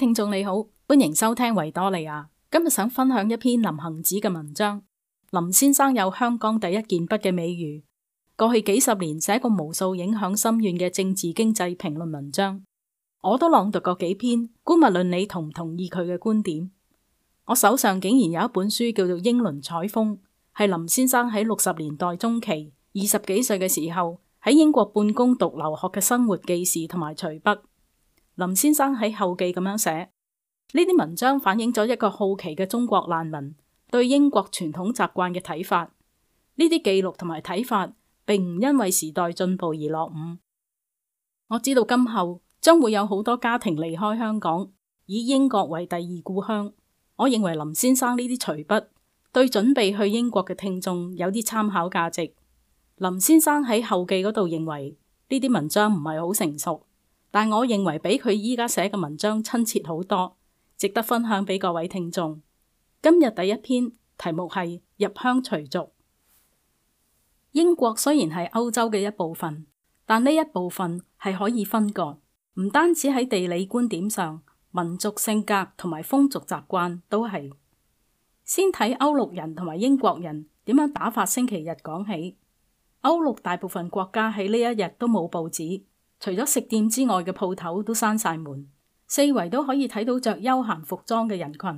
聽眾你好，歡迎收聽維多利亞。今日想分享一篇林行止嘅文章。林先生有香港第一健筆嘅美譽，過去幾十年寫過無數影響深遠嘅政治經濟評論文章，我都朗讀過幾篇。姑勿論，你同唔同意佢嘅觀點？我手上竟然有一本書叫做《英倫采風》，係林先生喺六十年代中期二十幾歲嘅時候喺英國半工讀留學嘅生活記事同埋隨筆。林先生喺後記咁樣寫，呢啲文章反映咗一個好奇嘅中國難民對英國傳統習慣嘅睇法。呢啲記錄同埋睇法，並唔因為時代進步而落伍。我知道，今後將會有好多家庭離開香港，以英國為第二故鄉。我認為林先生呢啲隨筆對準備去英國嘅聽眾有啲參考價值。林先生喺後記嗰度認為，呢啲文章唔係好成熟。但我認為比佢依家寫嘅文章親切好多，值得分享俾各位聽眾。今日第一篇題目係入鄉問俗。英國雖然係歐洲嘅一部分，但呢一部分係可以分割，唔單止喺地理觀點上，民族性格同埋風俗習慣都係。先睇歐陸人同埋英國人點樣打發星期日講起。歐陸大部分國家喺呢一日都冇報紙。除咗食店之外嘅鋪頭都閂晒門，四圍都可以睇到着休閒服裝嘅人群，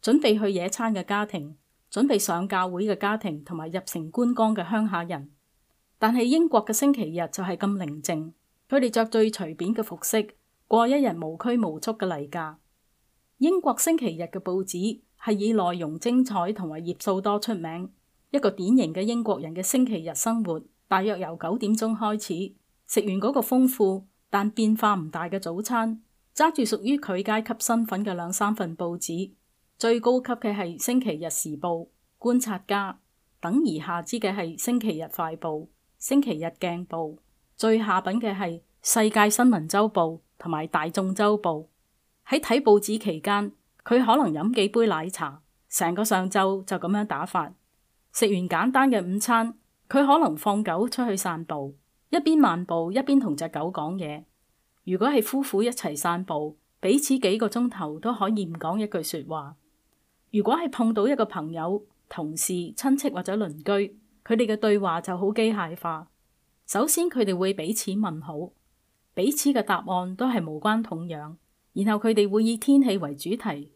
準備去野餐嘅家庭，準備上教會嘅家庭，同埋入城觀光嘅鄉下人。但係英國嘅星期日就係咁寧靜，佢哋着最隨便嘅服飾，過一日無拘無束嘅例假。英國星期日嘅報紙係以內容精彩同埋頁數多出名。一個典型嘅英國人嘅星期日生活，大約由九點鐘開始。食完嗰個豐富但變化唔大嘅早餐，揸住屬於佢階級身份嘅兩三份報紙，最高級嘅係《星期日時報》《觀察家》，等而下之嘅係《星期日快報》《星期日鏡報》，最下品嘅係《世界新聞周報》同埋《大眾周報》。喺睇報紙期間，佢可能飲幾杯奶茶，成個上晝就咁樣打發。食完簡單嘅午餐，佢可能放狗出去散步。一邊漫步一邊同隻狗講嘢。如果係夫婦一齊散步，彼此幾個鐘頭都可以唔講一句說話。如果係碰到一個朋友、同事、親戚或者鄰居，佢哋嘅對話就好機械化。首先佢哋會彼此問好，彼此嘅答案都係無關痛癢。然後佢哋會以天氣為主題，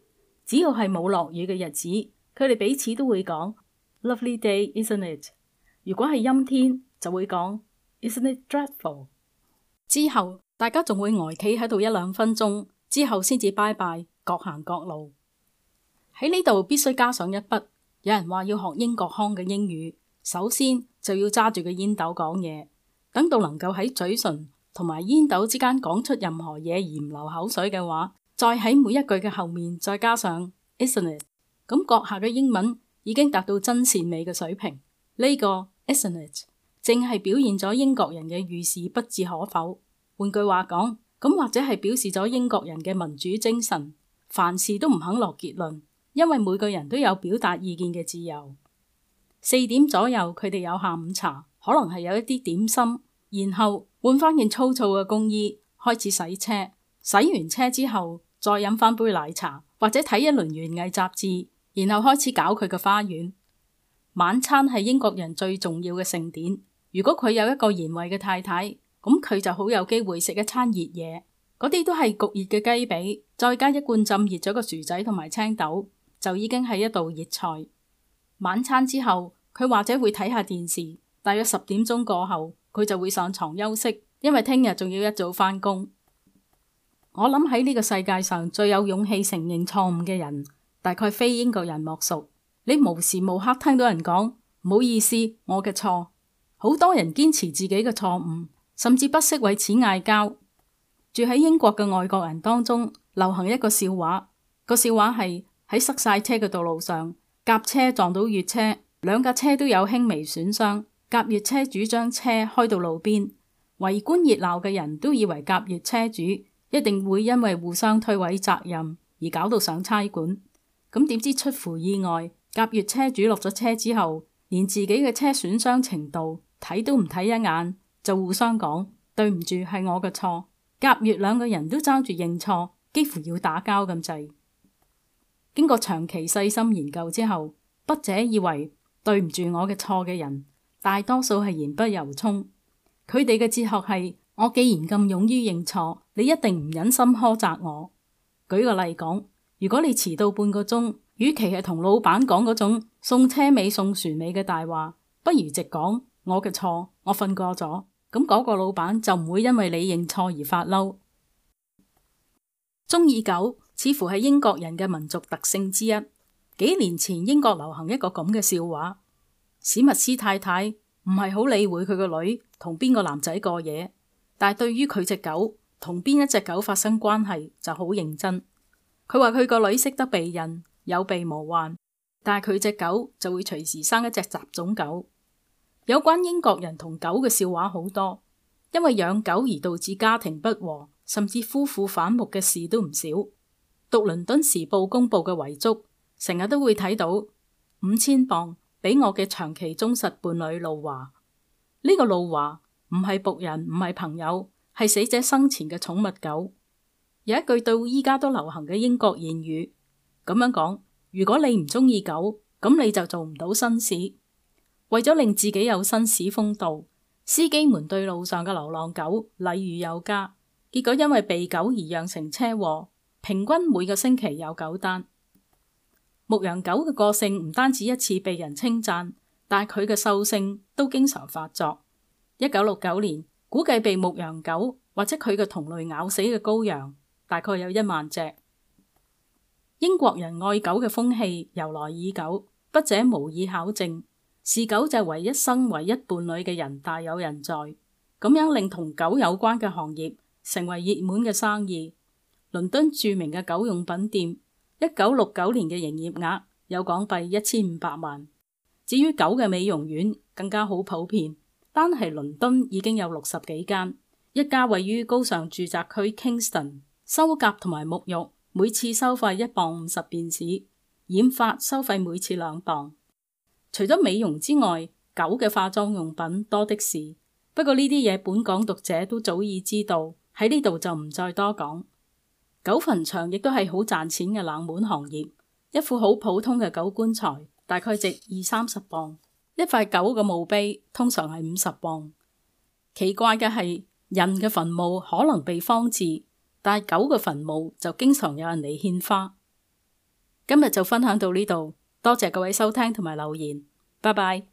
只要係冇落雨嘅日子，佢哋彼此都會講 Lovely day, isn't it？如果係陰天，就會講。It dreadful? 之後大家仲會呆企喺度一兩分鐘，之後先至拜拜，各行各路。喺呢度必須加上一筆，有人話要學英國腔嘅英語，首先就要揸住個煙斗講嘢，等到能夠喺嘴唇同埋煙斗之間講出任何嘢而唔流口水嘅話，再喺每一句嘅後面再加上 isn't it？咁閣下嘅英文已經達到真善美嘅水平，呢、這個 isn't it？正係表現咗英國人嘅遇事不置可否。換句話講，咁或者係表示咗英國人嘅民主精神，凡事都唔肯落結論，因為每個人都有表達意見嘅自由。四點左右佢哋有下午茶，可能係有一啲點、點心，然後換翻件粗糙嘅工衣，開始洗車。洗完車之後，再飲翻杯奶茶或者睇一輪園藝雜誌，然後開始搞佢嘅花園。晚餐係英國人最重要嘅盛典。如果佢有一個賢惠嘅太太，咁佢就好有機會食一餐熱嘢。嗰啲都係焗熱嘅雞髀，再加一罐浸熱咗嘅薯仔同埋青豆，就已經係一道熱菜。晚餐之後，佢或者會睇下電視，大約十點鐘過後，佢就會上床休息，因為聽日仲要一早翻工。我諗喺呢個世界上最有勇氣承認錯誤嘅人，大概非英國人莫屬。你無時無刻聽到人講，唔好意思，我嘅錯。好多人堅持自己嘅錯誤，甚至不惜為此嗌交。住喺英國嘅外國人當中，流行一個笑話。個笑話係喺塞晒車嘅道路上，甲車撞到乙車，兩架車都有輕微損傷。甲乙車主將車開到路邊，圍觀熱鬧嘅人都以為甲乙車主一定會因為互相推諉責任而搞到上差館。咁點知出乎意外，甲乙車主落咗車之後。連自己嘅車損傷程度睇都唔睇一眼，就互相講，對唔住，係我嘅錯。甲乙兩個人都爭住認錯，幾乎要打交咁滯。經過長期細心研究之後，筆者以為對唔住，我嘅錯嘅人，大多數係言不由衷。佢哋嘅哲學係：我既然咁勇於認錯，你一定唔忍心苛責我。舉個例講。如果你遲到半個鐘，與其係同老闆講嗰種送車尾送船尾嘅大話，不如直講我嘅錯，我瞓過咗。咁嗰個老闆就唔會因為你認錯而發嬲。 中意狗似乎係英國人嘅民族特性之一。幾年前英國流行一個咁嘅笑話：史密斯太太唔係好理會佢個女同邊個男仔過夜，但係對於佢隻狗同邊一隻狗發生關係就好認真。佢話佢個女識得避孕，有備無患，但係佢隻狗就會隨時生一隻雜種狗。有關英國人同狗嘅笑話好多，因為養狗而導致家庭不和，甚至夫婦反目嘅事都唔少。讀《倫敦時報》公布嘅遺囑，成日都會睇到五千磅俾我嘅長期忠實伴侶路華。呢個路華唔係僕人，唔係朋友，係死者生前嘅寵物狗。有一句到依家都流行嘅英國諺語，咁樣講：如果你唔中意狗，咁你就做唔到紳士。為咗令自己有紳士風度，司機們對路上嘅流浪狗禮遇有加，結果因為避狗而釀成車禍。平均每個星期有九單。牧羊狗嘅個性唔單止一次被人稱讚，但佢嘅獸性都經常發作。一九六九年，估計被牧羊狗或者佢嘅同類咬死嘅羔羊。大概有一萬隻。英國人愛狗嘅風氣由來已久，筆者無以考證。視狗隻為一生唯一伴侶嘅人大有人在，咁樣令同狗有關嘅行業成為熱門嘅生意。倫敦著名嘅狗用品店，一九六九年嘅營業額有港幣一千五百萬。至於狗嘅美容院更加好普遍，單係倫敦已經有六十幾間，一家位於高尚住宅區 Kingston。修甲同埋沐浴每次收費一磅五十便士，染髮收費每次兩磅。除咗美容之外，狗嘅化妝用品多的是。不過呢啲嘢，本港讀者都早已知道，喺呢度就唔再多講。狗墳場亦都係好賺錢嘅冷門行業。一副好普通嘅狗棺材大概值二三十磅，一塊狗嘅墓碑通常係五十磅。奇怪嘅係，人嘅墳墓可能被荒置。但係狗嘅墳墓就經常有人嚟獻花。今日就分享到呢度，多謝各位收聽同埋留言，拜拜。